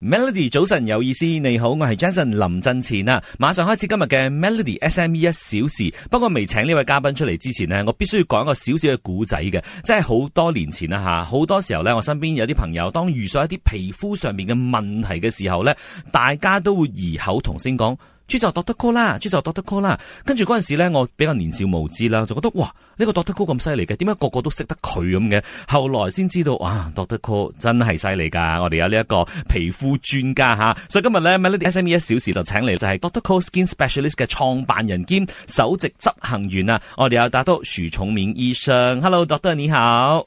Melody，早晨有意思，你好，我係 Jason 林振前啊！馬上開始今日嘅 Melody SME 一小時。不過未請呢位嘉賓出嚟之前呢，我必須要講個少少嘅故仔嘅，即係好多年前啦吓。好多時候呢，我身邊有啲朋友當遇上一啲皮膚上面嘅問題嘅時候呢，大家都會異口同聲講。朱就 doctor call 啦，朱就 doctor call 啦，跟住嗰陣時咧，我比較年少無知啦，就覺得哇呢、呢個 doctor call 咁犀利嘅，點解個個都識得佢咁嘅？後來先知道啊，doctor call 真係犀利噶，我哋有呢一個皮膚專家吓，所以今日咧 Melody SME 一小時就請嚟就係、是、doctor call skin specialist 嘅創辦人兼首席執行員啊，我哋有大到徐重勉醫生，hello，doctor 你好。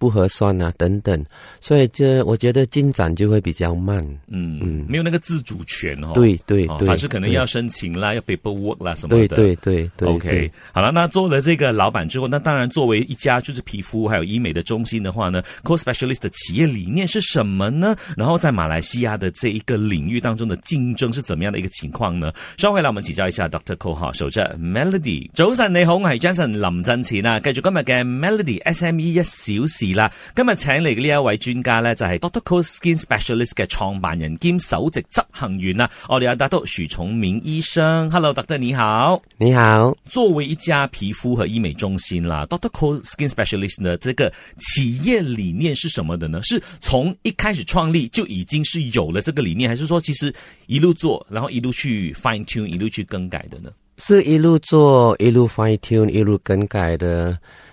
不合算啊，等等，所以這我覺得進展就會比較慢，嗯，嗯，沒有那個自主權哦，對對對，是可能要申請啦，要 paperwork 啦，什麼的，對對對 o k 好了。那做了這個老闆之後，那當然作為一家就是皮膚還有醫美的中心的話呢，cospecialist s 的企業理念是什麼呢？然後在馬來西亞的這一個領域當中的競爭是怎麼樣的一個情況呢？稍回來，我們請教一下 Dr. Koh 學小姐 Melody，早晨你好，我係 Jason 林振前啊，繼續今日嘅 Melody SME 一小時。啦，今日請嚟嘅呢一位專家呢，就係、是、Doctor Cole Skin Specialist 嘅創辦人兼首席執行員啦。我哋有 Doctor 許崇明醫生，Hello，doctor 你好，Hello, Doctor, 你好。你好。作為一家皮膚和醫美中心啦，Doctor Cole Skin Specialist 呢，這個企業理念是什麼的呢？是從一開始創立就已經是有了這個理念，還是說其實一路做，然後一路去 fine-tune，一路去更改的呢？是一路做，一路 fine-tune，一路更改的。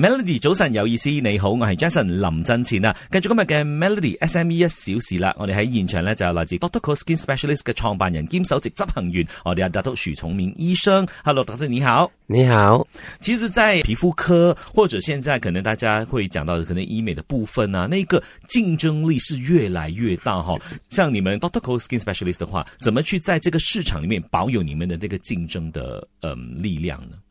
Melody 早晨有意思，你好，我是 Jason 林振前啊，繼續今日嘅 Melody SME 一小時啦。我哋喺現場呢，就係來自 Doctor Ko Skin Specialist 嘅創辦人兼首席執行員，我哋阿 Doctor Ko 許崇明醫生，Hello，doctor 你好，你好。其實，在皮膚科或者現在可能大家會講到可能醫美的部分啊，那個競爭力是越來越大哈，哦。像你們 Doctor Ko Skin Specialist 嘅話，怎麼去在這個市場裏面保有你們嘅呢個競爭的嗯力量呢？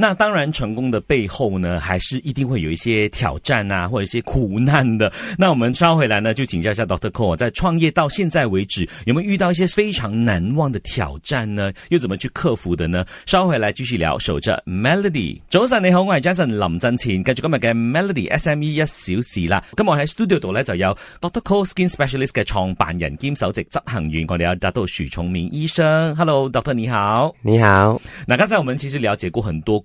那當然成功的背後呢，還是一定會有一些挑戰啊，或者一些苦難的。那我們稍後回來呢，就請教一下 Dr. Cole，在創業到現在為止，有沒有遇到一些非常難忘的挑戰呢？又怎麼去克服的呢？稍後回來繼續聊守着 Melody。早晨你好，我係 Jason 林振前，跟住今日嘅 Melody SME 一小時啦。咁我喺 studio 度咧就有 Dr. Cole Skin Specialist 嘅創辦人兼首席執行員，我哋阿 Doctor 許崇明醫生。Hello，doctor 你好，你好。那剛才我們其實了解過很多。